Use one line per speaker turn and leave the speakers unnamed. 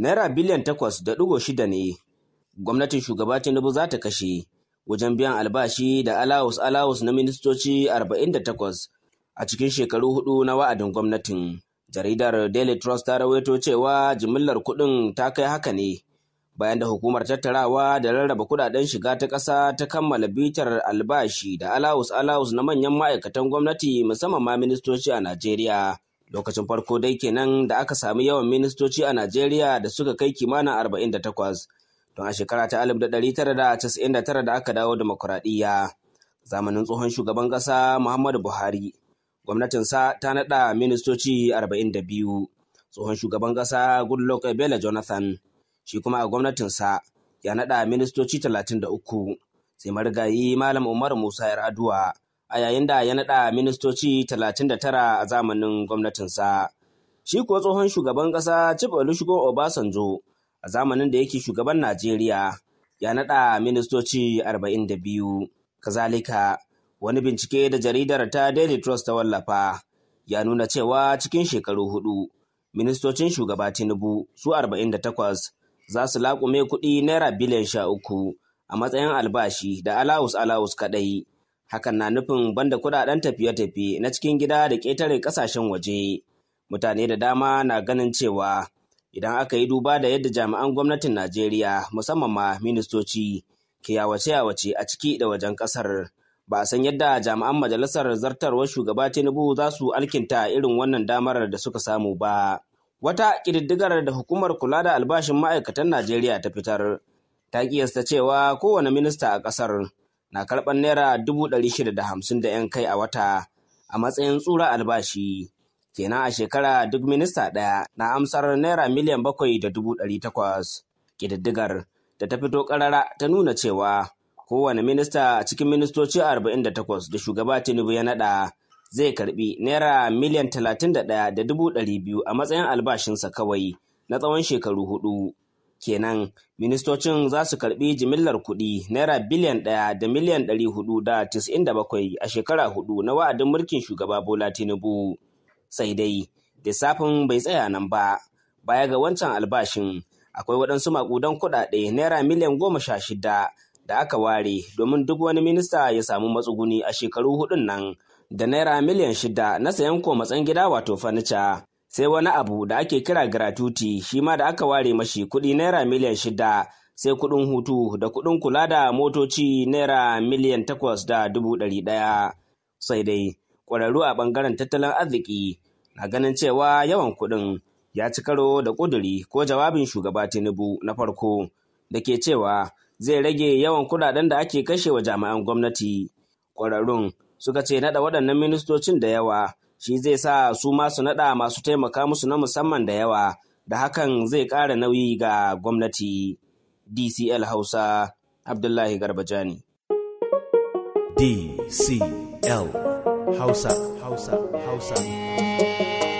naira biliyan takwas da ɗigo shida ne gwamnatin shugaba tinubu za ta kashe wajen biyan albashi da alawus alawus na ministoci arba'in da takwas, a cikin shekaru hudu na wa'adin gwamnatin jaridar daily trust ta rawaito cewa jimillar kudin ta kai haka ne bayan da hukumar tattarawa da rarraba kudaden shiga ta ƙasa ta kammala bitar albashi da alawus alawus na manyan ma'aikatan gwamnati musamman ma ministoci a najeriya Lokacin farko dai kenan da aka sami yawan ministoci a Najeriya da suka kai kimanin 48 don a shekara ta alif da tara da aka dawo demokuraɗiyya. Zamanin tsohon shugaban ƙasa Muhammadu Buhari, gwamnatinsa ta naɗa ministoci 42. Tsohon shugaban ƙasa Goodluck Ebele Jonathan, shi kuma a gwamnatinsa ya naɗa ministoci talatin da uku, Sai marigayi Malam Umar Musa 'yar Aduwa a yayin da ya naɗa ministoci 39 a zamanin gwamnatinsa. Shi kuwa tsohon shugaban ƙasa Chief Olusegun Obasanjo a zamanin da yake shugaban Najeriya ya naɗa ministoci 42. Kazalika, wani bincike da jaridar ta Daily Trust ta wallafa ya nuna cewa cikin shekaru hudu, ministocin shugaba Tinubu su 48 za su laƙume kuɗi naira biliyan sha uku a matsayin albashi da alawus alawus kaɗai. Hakan na nufin banda kuɗaɗen tafiye-tafiye na cikin gida da ƙetare ƙasashen waje. Mutane da dama na ganin cewa idan aka yi duba da yadda jami'an gwamnatin Najeriya musamman ma ministoci ke yawace-yawace a ciki da wajen ƙasar. Ba a san yadda jami'an majalisar zartarwar shugaba Tinubu za su alkinta irin wannan damar da suka samu ba. Wata ƙididdigar da hukumar kula da albashin ma'aikatan Najeriya ta fitar ta kiyasta cewa kowane minista a ƙasar na karɓar naira dubu ɗari shida da hamsin da 'yan kai a wata a matsayin tsura albashi. Kenan a shekara duk minista ɗaya na amsar naira miliyan bakwai da dubu ɗari takwas. Ƙididdigar da ta fito ƙarara ta nuna cewa kowane minista cikin ministoci arba'in da takwas da shugaba Tinubu ya naɗa zai karɓi naira miliyan talatin da ɗaya da dubu ɗari biyu a matsayin albashinsa kawai na tsawon shekaru hudu. kenan ministocin za su karbi jimillar kuɗi naira biliyan ɗaya da miliyan ɗari hudu da tis'in da bakwai a shekara hudu na wa'adin mulkin shugaba bola tinubu sai dai lissafin bai tsaya nan ba baya ga wancan albashin akwai waɗansu maƙudan kuɗaɗe naira miliyan goma sha shida da aka ware domin duk wani minista ya samu matsuguni a shekaru hudun nan da naira miliyan shida na sayan komatsan gida wato fanica sai wani abu da ake kira gratuity shi ma da aka ware mashi kuɗi naira miliyan shida sai kuɗin hutu da kuɗin kula da motoci naira miliyan takwas da dubu ɗari ɗaya sai dai ƙwararru a ɓangaren tattalin arziki na ganin cewa yawan kuɗin ya ci karo da ƙuduri ko jawabin shugaba tinubu na farko da ke cewa zai rage yawan kuɗaɗen da ake kashe wa jami'an gwamnati ƙwararrun suka ce naɗa waɗannan ministocin da yawa shi zai sa su masu su naɗa masu taimaka musu na musamman da yawa da hakan zai ƙara nauyi ga gwamnati dcl hausa abdullahi garbajani dcl hausa hausa hausa